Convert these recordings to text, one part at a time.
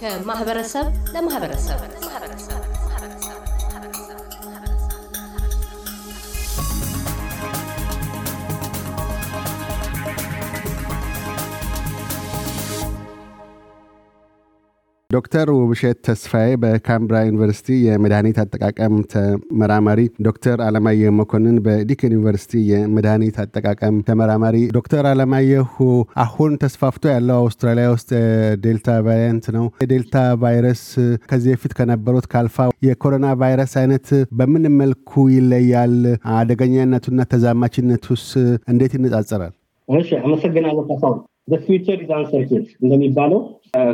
ከማህበረሰብ ለማህበረሰብ ዶክተር ውብሸት ተስፋዬ በካምብራ ዩኒቨርሲቲ የመድኃኒት አጠቃቀም ተመራማሪ፣ ዶክተር አለማየሁ መኮንን በዲክን ዩኒቨርሲቲ የመድኃኒት አጠቃቀም ተመራማሪ። ዶክተር አለማየሁ አሁን ተስፋፍቶ ያለው አውስትራሊያ ውስጥ ዴልታ ቫሪያንት ነው። የዴልታ ቫይረስ ከዚህ በፊት ከነበሩት ከአልፋ የኮሮና ቫይረስ አይነት በምን መልኩ ይለያል? አደገኛነቱና ተዛማችነቱስ እንዴት ይነጻጸራል? እሺ፣ አመሰግናለሁ። ፊውቸር ኢዝ አንሰርቴን እንደሚባለው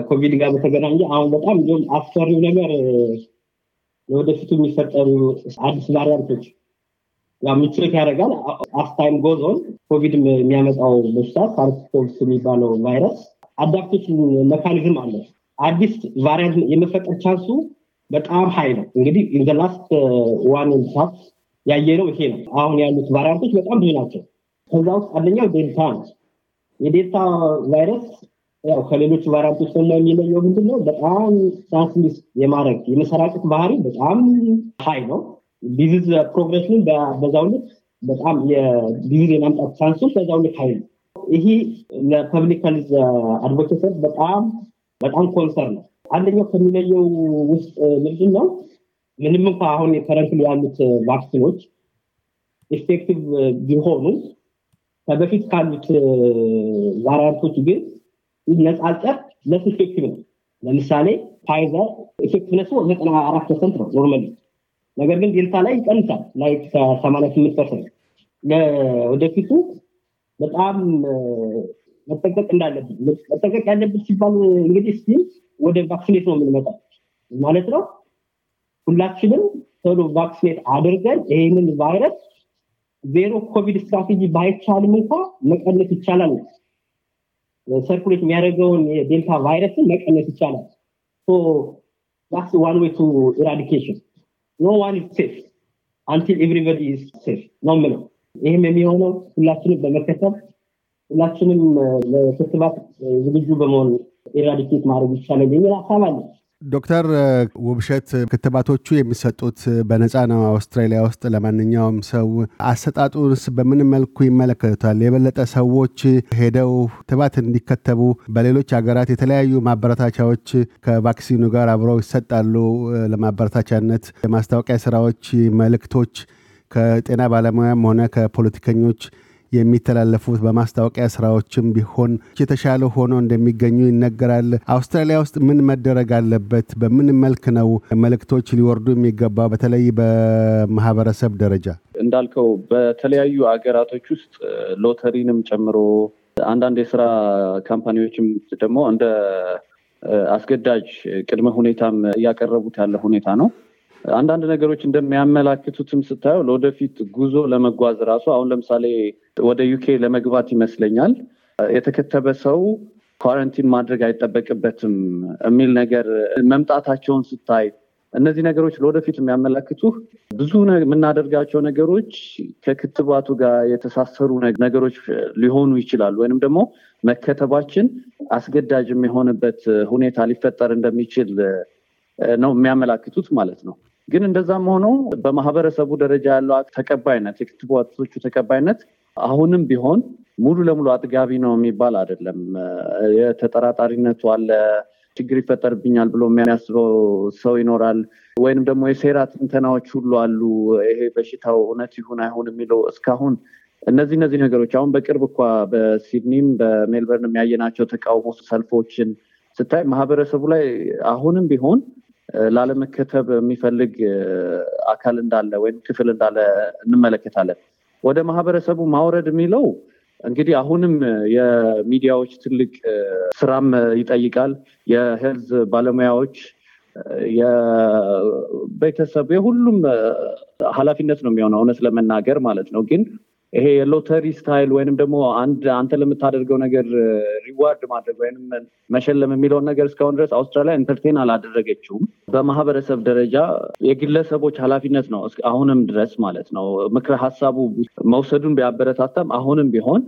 ኮቪድ ጋር በተገናኘ አሁን በጣም እንዲሁም አስፈሪው ነገር ለወደፊቱ የሚፈጠሩ አዲስ ቫሪያንቶች ምቾት ያደርጋል አፍታይም ጎዞን ኮቪድ የሚያመጣው በሽታ ሳርስ የሚባለው ቫይረስ አዳፕቴሽን መካኒዝም አለ አዲስ ቫሪያንት የመፈጠር ቻንሱ በጣም ሀይ ነው እንግዲህ ኢንዘላስት ዋን ሳት ያየ ነው ይሄ ነው አሁን ያሉት ቫሪያንቶች በጣም ብዙ ናቸው ከዛ ውስጥ አንደኛው ዴልታ ነው የዴልታ ቫይረስ ያው ከሌሎች ቫይረሶች ደግሞ የሚለየው ምንድን ነው? በጣም ትራንስሚስ የማድረግ የመሰራጨት ባህሪ በጣም ሀይ ነው። ዲዚዝ ፕሮግሬሽን በዛው ልክ በጣም የዲዚዝ የማምጣት ቻንሱን በዛው ልክ ሀይ ነው። ይሄ ለፐብሊክ ሄልዝ አድቮኬሰት በጣም በጣም ኮንሰር ነው። አንደኛው ከሚለየው ውስጥ ምንድን ነው? ምንም እንኳ አሁን ከረንት ያሉት ቫክሲኖች ኢፌክቲቭ ቢሆኑ በፊት ካሉት ቫሪያንቶች ግን ነጻጸር ለስ ኢፌክቲቭ ነው። ለምሳሌ ፋይዘር ኢፌክቲቭነሱ ዘጠና አራት ፐርሰንት ነው ኖርማሊ። ነገር ግን ዴልታ ላይ ይቀንሳል ላይ ሰማንያ ስምንት ፐርሰንት ወደፊቱ በጣም መጠንቀቅ እንዳለብን መጠንቀቅ ያለብን ሲባል እንግዲህ ስ ወደ ቫክሲኔት ነው የምንመጣ ማለት ነው። ሁላችንም ቶሎ ቫክሲኔት አድርገን ይህንን ቫይረስ ዜሮ ኮቪድ ስትራቴጂ ባይቻልም እንኳ መቀነስ ይቻላል። ሰርኩሌት የሚያደርገውን የዴልታ ቫይረስን መቀነስ ይቻላል። ስ ዋን ዌይ ቱ ኢራዲኬሽን ኖ ዋን ኢዝ ሴፍ አንቲል ኤቭሪበዲ ኢዝ ሴፍ ነው ምለው። ይህም የሚሆነው ሁላችንም በመከተብ ሁላችንም ለክትባት ዝግጁ በመሆን ኢራዲኬት ማድረግ ይቻላል የሚል ሀሳብ አለን። ዶክተር ውብሸት ክትባቶቹ የሚሰጡት በነፃ ነው አውስትራሊያ ውስጥ ለማንኛውም ሰው። አሰጣጡንስ በምን መልኩ ይመለከቱታል? የበለጠ ሰዎች ሄደው ክትባት እንዲከተቡ በሌሎች ሀገራት የተለያዩ ማበረታቻዎች ከቫክሲኑ ጋር አብረው ይሰጣሉ። ለማበረታቻነት የማስታወቂያ ስራዎች፣ መልእክቶች ከጤና ባለሙያም ሆነ ከፖለቲከኞች የሚተላለፉት በማስታወቂያ ስራዎችም ቢሆን የተሻለ ሆኖ እንደሚገኙ ይነገራል። አውስትራሊያ ውስጥ ምን መደረግ አለበት? በምን መልክ ነው መልእክቶች ሊወርዱ የሚገባ? በተለይ በማህበረሰብ ደረጃ እንዳልከው በተለያዩ አገራቶች ውስጥ ሎተሪንም ጨምሮ አንዳንድ የስራ ካምፓኒዎችም ደግሞ እንደ አስገዳጅ ቅድመ ሁኔታም እያቀረቡት ያለ ሁኔታ ነው። አንዳንድ ነገሮች እንደሚያመላክቱትም ስታየው ለወደፊት ጉዞ ለመጓዝ ራሱ አሁን ለምሳሌ ወደ ዩኬ ለመግባት ይመስለኛል የተከተበ ሰው ኳረንቲን ማድረግ አይጠበቅበትም የሚል ነገር መምጣታቸውን ስታይ እነዚህ ነገሮች ለወደፊት የሚያመላክቱ ብዙ የምናደርጋቸው ነገሮች ከክትባቱ ጋር የተሳሰሩ ነገሮች ሊሆኑ ይችላሉ፣ ወይንም ደግሞ መከተባችን አስገዳጅ የሚሆንበት ሁኔታ ሊፈጠር እንደሚችል ነው የሚያመላክቱት ማለት ነው። ግን እንደዛም ሆኖ በማህበረሰቡ ደረጃ ያለው ተቀባይነት የክትባቶቹ ተቀባይነት አሁንም ቢሆን ሙሉ ለሙሉ አጥጋቢ ነው የሚባል አይደለም። የተጠራጣሪነቱ አለ። ችግር ይፈጠርብኛል ብሎ የሚያስበው ሰው ይኖራል። ወይንም ደግሞ የሴራ ትንተናዎች ሁሉ አሉ። ይሄ በሽታው እውነት ይሁን አይሁን የሚለው እስካሁን እነዚህ እነዚህ ነገሮች አሁን በቅርብ እኳ በሲድኒም በሜልበርን የሚያየናቸው ተቃውሞ ሰልፎችን ስታይ ማህበረሰቡ ላይ አሁንም ቢሆን ላለመከተብ የሚፈልግ አካል እንዳለ ወይም ክፍል እንዳለ እንመለከታለን። ወደ ማህበረሰቡ ማውረድ የሚለው እንግዲህ አሁንም የሚዲያዎች ትልቅ ስራም ይጠይቃል። የህዝብ ባለሙያዎች፣ የቤተሰብ፣ የሁሉም ኃላፊነት ነው የሚሆነው እውነት ለመናገር ማለት ነው ግን ይሄ የሎተሪ ስታይል ወይንም ደግሞ አንድ አንተ ለምታደርገው ነገር ሪዋርድ ማድረግ ወይም መሸለም የሚለውን ነገር እስካሁን ድረስ አውስትራሊያ ኢንተርቴን አላደረገችውም። በማህበረሰብ ደረጃ የግለሰቦች ኃላፊነት ነው አሁንም ድረስ ማለት ነው። ምክረ ሀሳቡ መውሰዱን ቢያበረታታም አሁንም ቢሆን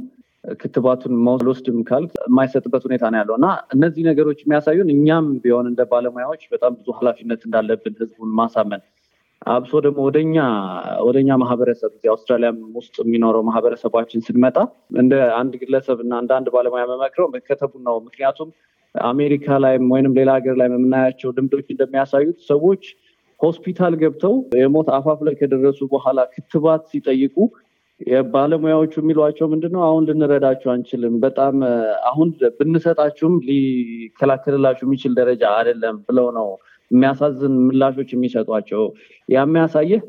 ክትባቱን አልወስድም ካል የማይሰጥበት ሁኔታ ነው ያለው እና እነዚህ ነገሮች የሚያሳዩን እኛም ቢሆን እንደ ባለሙያዎች በጣም ብዙ ኃላፊነት እንዳለብን ህዝቡን ማሳመን አብሶ ደግሞ ወደኛ ወደኛ ማህበረሰብ አውስትራሊያም ውስጥ የሚኖረው ማህበረሰባችን ስንመጣ እንደ አንድ ግለሰብ እና እንደ አንድ ባለሙያ መመክረው መከተቡን ነው። ምክንያቱም አሜሪካ ላይም ወይንም ሌላ ሀገር ላይ የምናያቸው ልምዶች እንደሚያሳዩት ሰዎች ሆስፒታል ገብተው የሞት አፋፍ ላይ ከደረሱ በኋላ ክትባት ሲጠይቁ ባለሙያዎቹ የሚሏቸው ምንድነው አሁን ልንረዳቸው አንችልም፣ በጣም አሁን ብንሰጣችሁም ሊከላከልላችሁ የሚችል ደረጃ አይደለም ብለው ነው የሚያሳዝን ምላሾች የሚሰጧቸው ያ የሚያሳይህ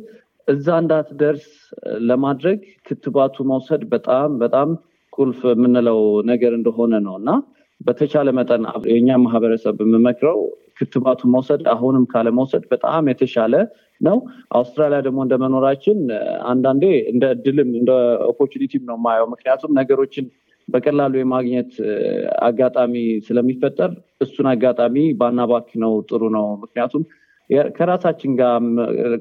እዛ እንዳትደርስ ለማድረግ ክትባቱ መውሰድ በጣም በጣም ቁልፍ የምንለው ነገር እንደሆነ ነው እና በተቻለ መጠን የእኛ ማህበረሰብ የምመክረው ክትባቱ መውሰድ አሁንም ካለመውሰድ በጣም የተሻለ ነው። አውስትራሊያ ደግሞ እንደመኖራችን አንዳንዴ እንደ እድልም እንደ ኦፖርቹኒቲም ነው ማየው። ምክንያቱም ነገሮችን በቀላሉ የማግኘት አጋጣሚ ስለሚፈጠር እሱን አጋጣሚ ባናባክ ነው ጥሩ ነው። ምክንያቱም ከራሳችን ጋር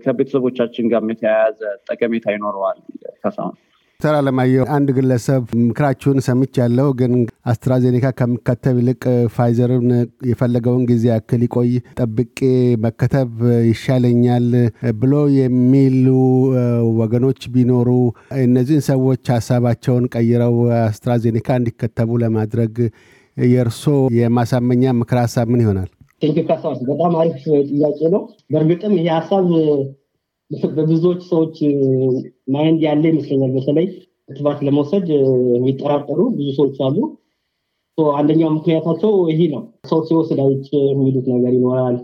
ከቤተሰቦቻችን ጋር የተያያዘ ጠቀሜታ ይኖረዋል። ከሳሁን ዶክተር አለማየሁ አንድ ግለሰብ ምክራችሁን ያለው ግን አስትራዜኔካ ከሚከተብ ይልቅ ፋይዘርን የፈለገውን ጊዜ ያክል ይቆይ ጠብቄ መከተብ ይሻለኛል ብሎ የሚሉ ወገኖች ቢኖሩ እነዚህን ሰዎች ሀሳባቸውን ቀይረው አስትራዜኔካ እንዲከተቡ ለማድረግ የእርሶ የማሳመኛ ምክር ሀሳብ ምን ይሆናል? ቴንክካሳስ በጣም አሪፍ ጥያቄ ነው። በእርግጥም ይህ ሀሳብ በብዙዎች ሰዎች ማይንድ ያለ ይመስለኛል። በተለይ ክትባት ለመውሰድ የሚጠራጠሩ ብዙ ሰዎች አሉ። አንደኛው ምክንያታቸው ይሄ ነው። ሰው ሲወስድ አይቼ የሚሉት ነገር ይኖራል።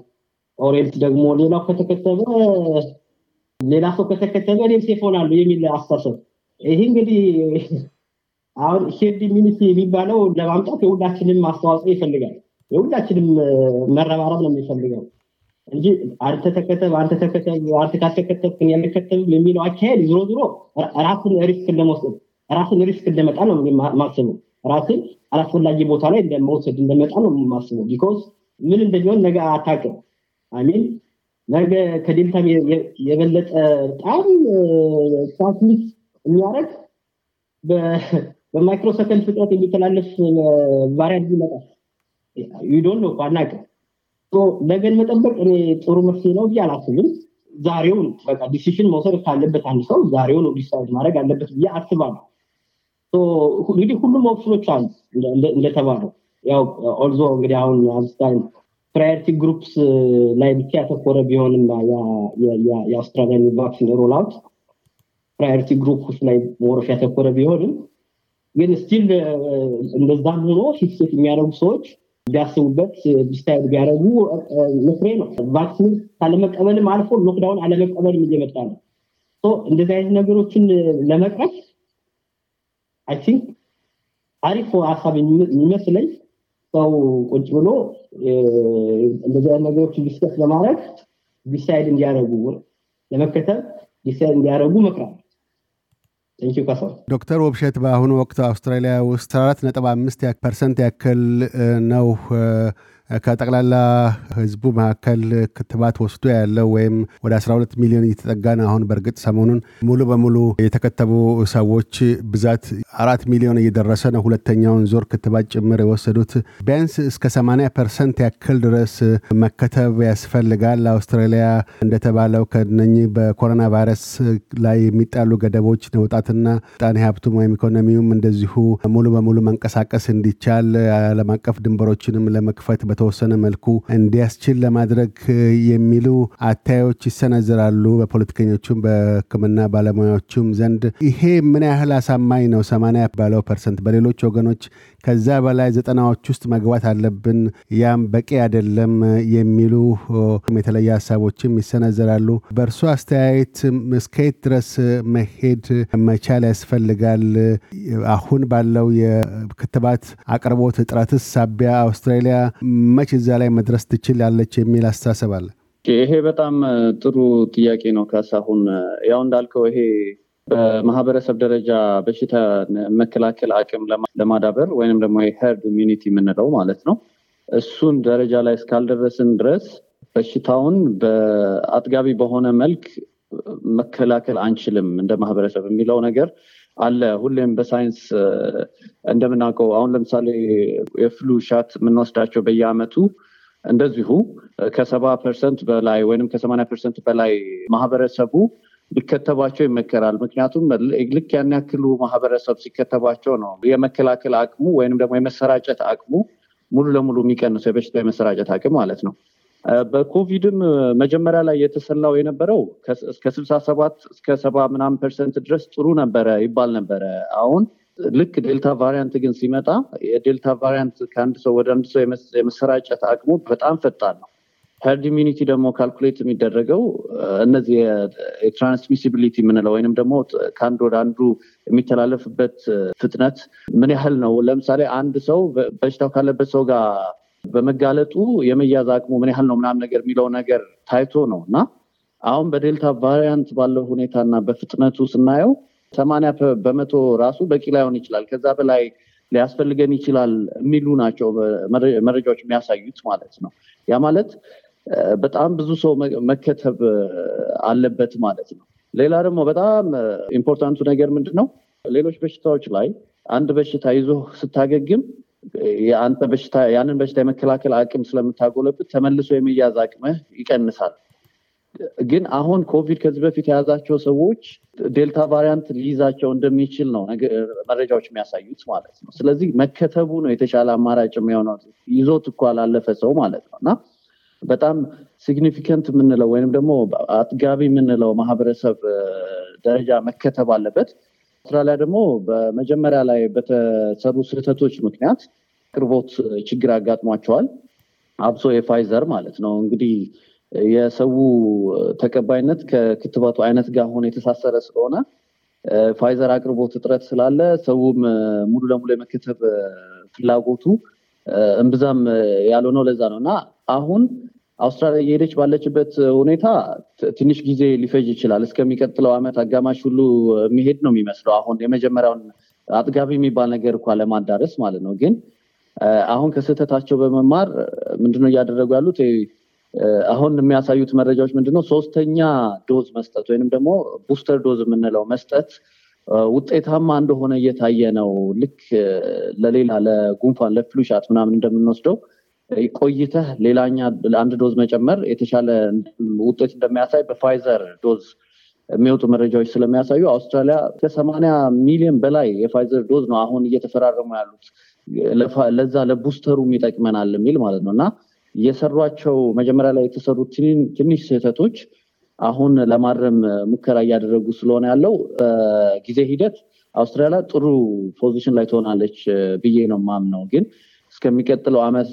ኦሬልት ደግሞ ሌላው ከተከተበ ሌላ ሰው ከተከተበ እኔም ሴፍ ሆናለሁ የሚል አስተሳሰብ። ይህ እንግዲህ አሁን ሼርድ ኢሚኒቲ የሚባለው ለማምጣት የሁላችንም አስተዋጽኦ ይፈልጋል። የሁላችንም መረባረብ ነው የሚፈልገው እንጂ አንተ ተከተብ አንተ ተከተብ አንተ ካልተከተብክን የምከተብም የሚለው አካሄድ ዝሮ ዝሮ ራስን ሪስክ ለመውሰድ ራስን ሪስክ እንደመጣ ነው ማስበው ራስን አላስፈላጊ ቦታ ላይ እንደመውሰድ እንደመጣ ነው ማስበው ቢኮዝ ምን እንደሚሆን ነገ አታውቅም አሚን ነገ ከዴልታም የበለጠ በጣም ትራንስሚት የሚያደረግ በማይክሮሰከንድ ፍጥረት የሚተላለፍ ቫሪያንት ይመጣል ዩዶን ነው አናውቅም ነገን መጠበቅ እኔ ጥሩ መፍትሄ ነው ብዬ አላስብም። ዛሬውን በቃ ዲሲሽን መውሰድ ካለበት አንድ ሰው ዛሬውን ዲሳይድ ማድረግ አለበት ብዬ አስባለሁ። እንግዲህ ሁሉም ኦፕሽኖች አሉ እንደተባለው ያው ኦልዞ እንግዲህ አሁን አብስታይን ፕራዮሪቲ ግሩፕስ ላይ ብቻ ያተኮረ ቢሆንም የአውስትራሊያን ቫክሲን ሮላውት ፕራዮሪቲ ግሩፕስ ላይ ወረፍ ያተኮረ ቢሆንም ግን ስቲል እንደዛም ሆኖ ሂሴት የሚያደርጉ ሰዎች ቢያስቡበት ዲሳይድ ቢያደረጉ ምክሬ ነው። ቫክሲን ካለመቀበልም አልፎ ሎክዳውን አለመቀበልም እየመጣ ነው። እንደዚህ አይነት ነገሮችን ለመቅረፍ አይ ቲንክ አሪፍ ሀሳብ የሚመስለኝ ሰው ቁጭ ብሎ እንደዚህ አይነት ነገሮችን ዲስከስ ለማድረግ ዲሳይድ እንዲያደረጉ ለመከተል ዲሳይድ እንዲያደረጉ መክራል። ዶክተር ወብሸት በአሁኑ ወቅት አውስትራሊያ ውስጥ 14 ነጥብ አምስት ፐርሰንት ያክል ነው ከጠቅላላ ህዝቡ መካከል ክትባት ወስዶ ያለው ወይም ወደ 12 ሚሊዮን እየተጠጋ አሁን በእርግጥ ሰሞኑን ሙሉ በሙሉ የተከተቡ ሰዎች ብዛት አራት ሚሊዮን እየደረሰ ነው። ሁለተኛውን ዞር ክትባት ጭምር የወሰዱት ቢያንስ እስከ 80 ፐርሰንት ያክል ድረስ መከተብ ያስፈልጋል። አውስትራሊያ እንደተባለው ከነኚህ በኮሮና ቫይረስ ላይ የሚጣሉ ገደቦች ነውጣትና ጣኔ ሀብቱም ወይም ኢኮኖሚውም እንደዚሁ ሙሉ በሙሉ መንቀሳቀስ እንዲቻል አለም አቀፍ ድንበሮችንም ለመክፈት በተወሰነ መልኩ እንዲያስችል ለማድረግ የሚሉ አታዮች ይሰነዝራሉ። በፖለቲከኞቹም በህክምና ባለሙያዎቹም ዘንድ ይሄ ምን ያህል አሳማኝ ነው? ሰማንያ ባለው ፐርሰንት በሌሎች ወገኖች ከዛ በላይ ዘጠናዎች ውስጥ መግባት አለብን፣ ያም በቂ አይደለም የሚሉ የተለየ ሀሳቦችም ይሰነዘራሉ። በእርሶ አስተያየት እስከየት ድረስ መሄድ መቻል ያስፈልጋል? አሁን ባለው የክትባት አቅርቦት እጥረትስ ሳቢያ አውስትራሊያ መች እዛ ላይ መድረስ ትችላለች የሚል አስተሳሰብ አለ። ይሄ በጣም ጥሩ ጥያቄ ነው ካሳሁን። ያው እንዳልከው ይሄ በማህበረሰብ ደረጃ በሽታ መከላከል አቅም ለማዳበር ወይም ደግሞ የሄርድ ኢሚኒቲ የምንለው ማለት ነው። እሱን ደረጃ ላይ እስካልደረስን ድረስ በሽታውን በአጥጋቢ በሆነ መልክ መከላከል አንችልም እንደ ማህበረሰብ የሚለው ነገር አለ። ሁሌም በሳይንስ እንደምናውቀው አሁን ለምሳሌ የፍሉ ሻት የምንወስዳቸው በየአመቱ እንደዚሁ ከሰባ ፐርሰንት በላይ ወይም ከሰማኒያ ፐርሰንት በላይ ማህበረሰቡ ሊከተባቸው ይመከራል። ምክንያቱም ልክ ያን ያክሉ ማህበረሰብ ሲከተባቸው ነው የመከላከል አቅሙ ወይም ደግሞ የመሰራጨት አቅሙ ሙሉ ለሙሉ የሚቀንሰው የበሽታ የመሰራጨት አቅም ማለት ነው። በኮቪድም መጀመሪያ ላይ የተሰላው የነበረው እስከ ስልሳ ሰባት እስከ ሰባ ምናምን ፐርሰንት ድረስ ጥሩ ነበረ ይባል ነበረ። አሁን ልክ ዴልታ ቫሪያንት ግን ሲመጣ የዴልታ ቫሪያንት ከአንድ ሰው ወደ አንድ ሰው የመሰራጨት አቅሙ በጣም ፈጣን ነው። ሄርድ ኢሚኒቲ ደግሞ ካልኩሌት የሚደረገው uh, እነዚህ የትራንስሚሲቢሊቲ የምንለው ወይንም ደግሞ ከአንድ ወደ አንዱ የሚተላለፍበት uh, ፍጥነት ምን ያህል ነው? ለምሳሌ አንድ ሰው በሽታው ካለበት ሰው ጋር በመጋለጡ የመያዝ አቅሙ ምን ያህል ነው ምናም ነገር የሚለው ነገር ታይቶ ነው እና አሁን በዴልታ ቫሪያንት ባለው ሁኔታ እና በፍጥነቱ ስናየው ሰማንያ በመቶ ራሱ በቂ ላይሆን ይችላል ከዛ በላይ ሊያስፈልገን ይችላል የሚሉ ናቸው መረጃዎች የሚያሳዩት ማለት ነው ያ ማለት በጣም ብዙ ሰው መከተብ አለበት ማለት ነው። ሌላ ደግሞ በጣም ኢምፖርታንቱ ነገር ምንድን ነው? ሌሎች በሽታዎች ላይ አንድ በሽታ ይዞ ስታገግም የአንተ በሽታ ያንን በሽታ የመከላከል አቅም ስለምታጎለብት ተመልሶ የመያዝ አቅምህ ይቀንሳል። ግን አሁን ኮቪድ ከዚህ በፊት የያዛቸው ሰዎች ዴልታ ቫሪያንት ሊይዛቸው እንደሚችል ነው መረጃዎች የሚያሳዩት ማለት ነው። ስለዚህ መከተቡ ነው የተሻለ አማራጭ የሚሆነው ይዞት እኮ ላለፈ ሰው ማለት ነው እና በጣም ሲግኒፊካንት የምንለው ወይም ደግሞ አጥጋቢ የምንለው ማህበረሰብ ደረጃ መከተብ አለበት። አውስትራሊያ ደግሞ በመጀመሪያ ላይ በተሰሩ ስህተቶች ምክንያት ቅርቦት ችግር አጋጥሟቸዋል። አብሶ የፋይዘር ማለት ነው እንግዲህ የሰው ተቀባይነት ከክትባቱ አይነት ጋር ሆኖ የተሳሰረ ስለሆነ ፋይዘር አቅርቦት እጥረት ስላለ ሰውም ሙሉ ለሙሉ የመከተብ ፍላጎቱ እምብዛም ያልሆነው ለዛ ነው እና አሁን አውስትራሊያ እየሄደች ባለችበት ሁኔታ ትንሽ ጊዜ ሊፈጅ ይችላል። እስከሚቀጥለው ዓመት አጋማሽ ሁሉ የሚሄድ ነው የሚመስለው። አሁን የመጀመሪያውን አጥጋቢ የሚባል ነገር እኳ ለማዳረስ ማለት ነው። ግን አሁን ከስህተታቸው በመማር ምንድነው እያደረጉ ያሉት? አሁን የሚያሳዩት መረጃዎች ምንድነው? ሶስተኛ ዶዝ መስጠት ወይንም ደግሞ ቡስተር ዶዝ የምንለው መስጠት ውጤታማ እንደሆነ እየታየ ነው። ልክ ለሌላ ለጉንፋን ለፍሉሻት ምናምን እንደምንወስደው ቆይተህ ሌላኛ አንድ ዶዝ መጨመር የተሻለ ውጤት እንደሚያሳይ በፋይዘር ዶዝ የሚወጡ መረጃዎች ስለሚያሳዩ አውስትራሊያ ከሰማንያ ሚሊዮን በላይ የፋይዘር ዶዝ ነው አሁን እየተፈራረሙ ያሉት ለዛ ለቡስተሩም ይጠቅመናል የሚል ማለት ነው እና የሰሯቸው መጀመሪያ ላይ የተሰሩ ትንሽ ስህተቶች አሁን ለማረም ሙከራ እያደረጉ ስለሆነ ያለው ጊዜ ሂደት አውስትራሊያ ጥሩ ፖዚሽን ላይ ትሆናለች ብዬ ነው ማምነው ግን እስከሚቀጥለው ዓመት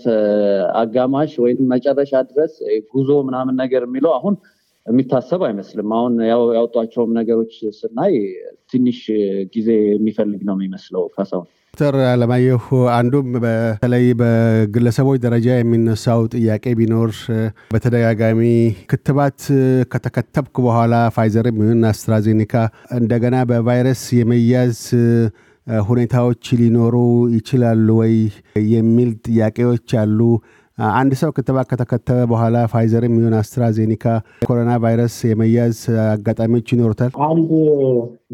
አጋማሽ ወይም መጨረሻ ድረስ ጉዞ ምናምን ነገር የሚለው አሁን የሚታሰብ አይመስልም። አሁን ያወጧቸውም ነገሮች ስናይ ትንሽ ጊዜ የሚፈልግ ነው የሚመስለው ከሰው ዶክተር አለማየሁ አንዱም በተለይ በግለሰቦች ደረጃ የሚነሳው ጥያቄ ቢኖር በተደጋጋሚ ክትባት ከተከተብኩ በኋላ ፋይዘርም ይሁን አስትራዜኒካ እንደገና በቫይረስ የመያዝ ሁኔታዎች ሊኖሩ ይችላሉ ወይ የሚል ጥያቄዎች አሉ። አንድ ሰው ክትባት ከተከተበ በኋላ ፋይዘርም ይሁን አስትራዜኒካ ኮሮና ቫይረስ የመያዝ አጋጣሚዎች ይኖሩታል። አንድ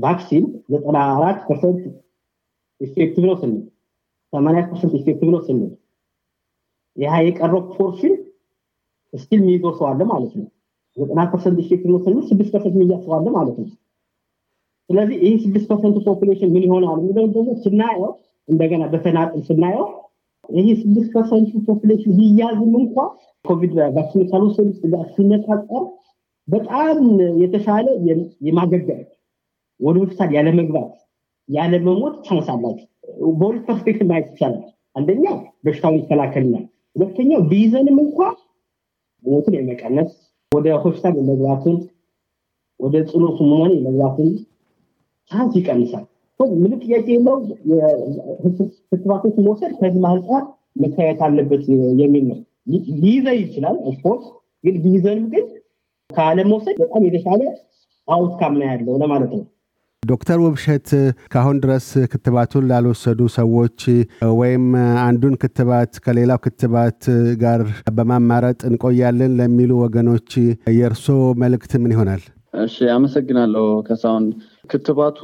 ቫክሲን ዘጠና አራት ፐርሰንት ኢፌክቲቭ ነው ስንል ሰማንያ ፐርሰንት ኢፌክቲቭ ነው ስንል ይህ የቀረው ፖርሽን ስቲል የሚይዘው ሰው አለ ማለት ነው። ዘጠና ፐርሰንት ኢፌክቲቭ ነው ስንል ስድስት ፐርሰንት የሚያዝ ሰው አለ ማለት ነው። ስለዚህ ይህ ስድስት ፐርሰንት ፖፕሌሽን ምን ይሆናል የሚለውን ደግሞ ስናየው እንደገና በተናጥል ስናየው ይህ ስድስት ፐርሰንቱ ፖፕሌሽን ቢያዝም እንኳ ኮቪድ ቫክሲን ካልወሰዱ ጋር ሲነጻጸር በጣም የተሻለ የማገገል ወደ ሆስፒታል ያለመግባት ያለመሞት ቻንስ አላቸው። በሁለት ፐርስፔክት ማየት ይቻላል። አንደኛ በሽታውን ይከላከልናል። ሁለተኛው ቢይዘንም እንኳ ሞትን የመቀነስ ወደ ሆስፒታል የመግባትን ወደ ጽኖቱ መሆን የመግባትን ቻንስ ይቀንሳል። ምንም ጥያቄ የለው ክትባቶች መውሰድ ከዚህ አንጻር መታየት አለበት የሚል ነው። ሊይዘን ይችላል ኦፍኮርስ፣ ግን ቢይዘንም ግን ካለመውሰድ በጣም የተሻለ አውትካም ነው ያለው ለማለት ነው። ዶክተር ውብሸት ከአሁን ድረስ ክትባቱን ላልወሰዱ ሰዎች ወይም አንዱን ክትባት ከሌላው ክትባት ጋር በማማረጥ እንቆያለን ለሚሉ ወገኖች የእርሶ መልእክት ምን ይሆናል? እሺ አመሰግናለሁ ከሳሁን። ክትባቱ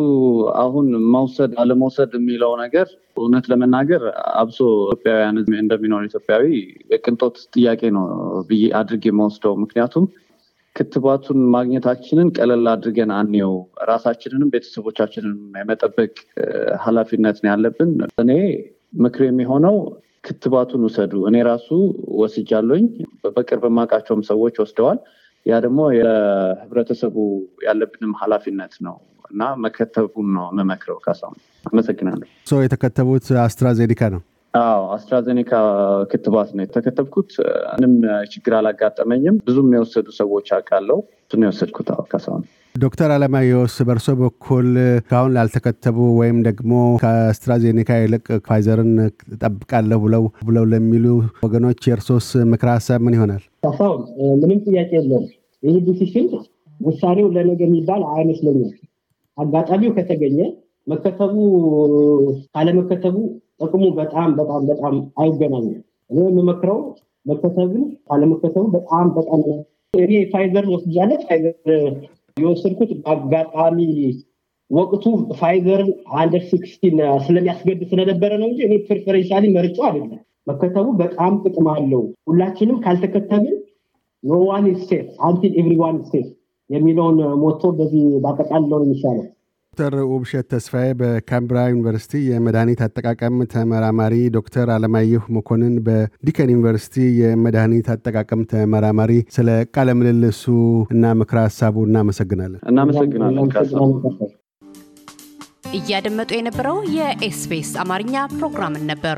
አሁን መውሰድ አለመውሰድ የሚለው ነገር እውነት ለመናገር አብሶ ኢትዮጵያውያን እንደሚኖር ኢትዮጵያዊ የቅንጦት ጥያቄ ነው ብዬ አድርጌ መወስደው ምክንያቱም ክትባቱን ማግኘታችንን ቀለል አድርገን አንየው። ራሳችንንም ቤተሰቦቻችንን የመጠበቅ ሀላፊነት ነው ያለብን። እኔ ምክር የሚሆነው ክትባቱን ውሰዱ። እኔ ራሱ ወስጃለኝ፣ በቅርብ የማውቃቸውም ሰዎች ወስደዋል። ያ ደግሞ የህብረተሰቡ ያለብንም ሀላፊነት ነው እና መከተቡን ነው መመክረው ካሳሁን አመሰግናለሁ። የተከተቡት አስትራዜኒካ ነው? አዎ አስትራዜኒካ ክትባት ነው የተከተብኩት። ምንም ችግር አላጋጠመኝም። ብዙም የወሰዱ ሰዎች አውቃለሁ። እሱን የወሰድኩት ካሳሁን። ዶክተር አለማየወስ በእርሶ በኩል ካሁን ላልተከተቡ ወይም ደግሞ ከአስትራዜኒካ ይልቅ ፋይዘርን ጠብቃለሁ ብለው ብለው ለሚሉ ወገኖች የእርሶስ ምክረ ሀሳብ ምን ይሆናል? ካሳሁን ምንም ጥያቄ የለም ይህ ዲሲሽን ውሳኔው ለነገ የሚባል አይመስለኛል። አጋጣሚው ከተገኘ መከተቡ ካለመከተቡ ጥቅሙ በጣም በጣም በጣም አይገናኝም። እኔ የምመክረው መከተብን ካለመከተቡ በጣም በጣም እኔ ፋይዘር ወስጃለ ፋይዘር የወሰድኩት በአጋጣሚ ወቅቱ ፋይዘርን አንደር ሲክስቲን ስለሚያስገድ ስለነበረ ነው እንጂ እኔ ፕሪፈሬንሻሊ መርጫ አይደለም። መከተቡ በጣም ጥቅም አለው። ሁላችንም ካልተከተብን ኖ ዋን ኢዝ ሴፍ አንቲል ኤቭሪዋን ኢዝ ሴፍ የሚለውን ሞቶ በዚህ ባጠቃልለው የሚሻለው ዶክተር ውብሸት ተስፋዬ በካምብራ ዩኒቨርሲቲ የመድኃኒት አጠቃቀም ተመራማሪ፣ ዶክተር አለማየሁ መኮንን በዲከን ዩኒቨርሲቲ የመድኃኒት አጠቃቀም ተመራማሪ፣ ስለ ቃለ ምልልሱ እና ምክረ ሀሳቡ እናመሰግናለን። እናመሰግናለን። እያደመጡ የነበረው የኤስፔስ አማርኛ ፕሮግራምን ነበር።